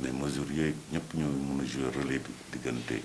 mais mesures yooyu ñëpp ñoo mun a jouer relais bi diggante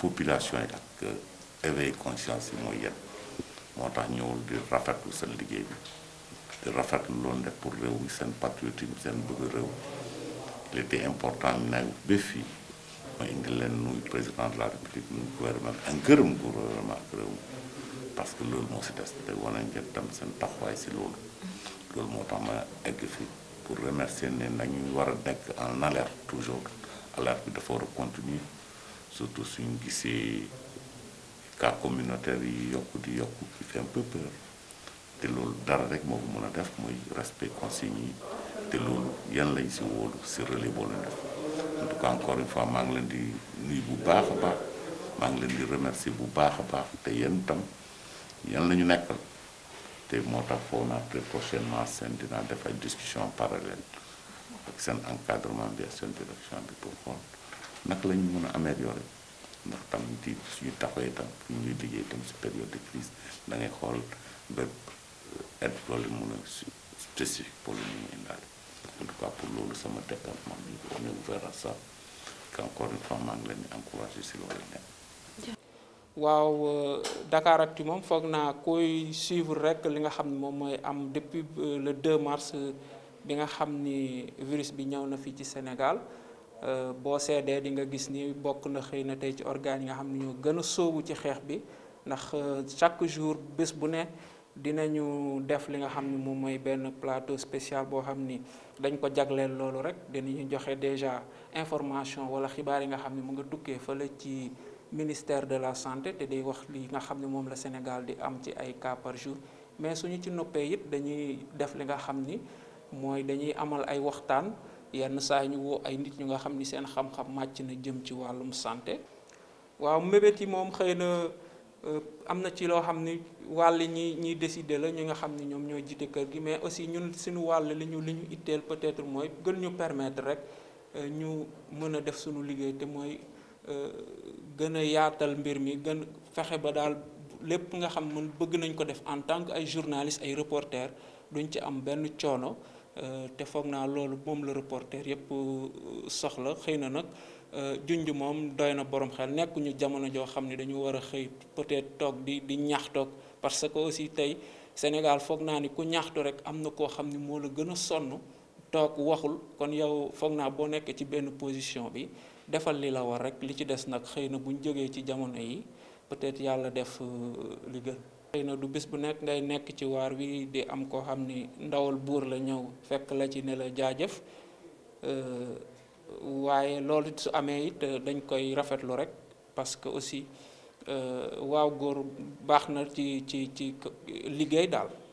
population yi ak euh, éveil conscience yi mooy yan moo tax ñëwul di rafetlu seen liggéey bi di rafetlu loolu def pour réew mi seen patriotisme seen bëgg réew il était important ñu naay ba ma indi leen président de la république nuy gouvernement bi ak gërëm gouvernement ak réew parce que loolu moo si des te wane ngeen tam seen taxawaay si loolu loolu moo tax ma egg fii pour remercier les nañu voir a nekk en alerte toujours alerte bi de fort contenu surtout surtout une guissée car communautaire yi yokk di yokk qui fait un peu peur de l'eau dara rek moo ko mën def mooy respect consignes de l'eau loolu yan lañ si wóolu si relais encore une fois malin ngi leen di nuyu bu baax a baax maa di remercier bu baax a baax te tam yan ñu nekkal te moo tax foog naa très prochainement seen dinaa def ay discussion parallèle ak seen encadrement bi ak seen direction bi pour xool naka la ñu mën a améliorer ndax tam di suñu taxawee tam fu ñuy liggéey tam si période de crise da xool ba aide loolu mën a spécifique pour lu ñu mu indaale en tout cas loolu sama département bi on est ouvert à ça maa ngi leen di si loolu nekk waaw euh, Dakaractu moom foog naa koy suivre rek li nga xam ne moom mooy am depuis euh, le 2 mars euh, bi nga xam ni virus bi ñëw na fii ci Sénégal boo seedee di nga gis ni bokk na xëy na tey ci organe yi nga xam ne ñoo gën a sóobu ci xeex bi ndax chaque jour bés bu ne dinañu def li nga xam ni moom mooy benn plateau spécial boo xam ni dañ ko jagleel loolu rek dinañu joxe déjà information wala xibaar yi nga xam ne mu nga tukkee fële ci. ministère de la santé te day wax lii nga xam ne moom la Sénégal di am ci ay cas par jour mais suñu ci noppee it dañuy def li nga xam ni mooy dañuy amal ay waxtaan yenn saa ñu woo ay nit ñu nga xam ni seen xam-xam màcc na jëm ci wàllum santé waaw mébét yi moom xëy na euh, am na ci loo xam ni wàll ñi ñiy décider la ñi nga xam ni ñoom ñooy jiite kër gi mais aussi ñun suñu wàll li ñu li ñu itteel peut-être mooy gën ñu permettre rek euh, ñu mën a def suñu liggéey t mooy Euh, gën a yaatal mbir mi gën fexe ba daal lépp nga xam mën bëgg nañ ko def en tant que ay journaliste ay reporter duñ ci am benn coono euh, te foog naa loolu moom la reporter yëpp euh, soxla xëy na nag junj moom doy na borom xel nekkuñu jamono joo xam ne dañu war a xëy peut-être toog di di ñax toog parce que aussi tey Sénégal foog naa ni ku ñaxtu rek am na koo xam ni moo la gën a sonn toog waxul kon yow foog naa boo nekk ci benn position bi defal li la war rek li ci des nag xëy na bu ñu jógee ci jamono yi peut-être yàlla def euh, li gën. xëy na du bis bu nekk ngay nekk ci waar wi di am koo xam ni ndawal buur la ñëw fekk la ci ne la jaajëf euh, waaye loolu su amee it euh, dañ koy rafetlu rek parce que aussi waaw góor baax na ci ci ci liggéey daal.